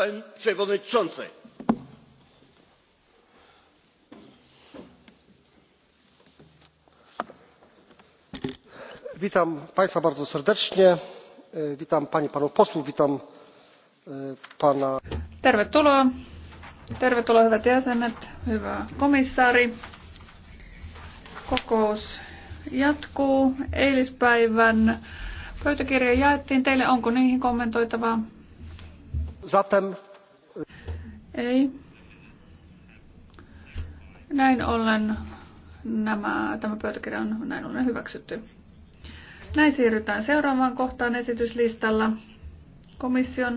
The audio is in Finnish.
panie przewodniczący! witam państwa bardzo serdecznie witam panie i panów posłów witam e, pana. tervetuloa tervetuloa hyvät jäsenet hyvä komissaari. kokous jatkuu eilispäivän pöytäkirja jaettiin teille onko niihin kommentoitavaa? Zatem... Ei. Näin ollen nämä, tämä pöytäkirja on näin ollen hyväksytty. Näin siirrytään seuraavaan kohtaan esityslistalla. Komission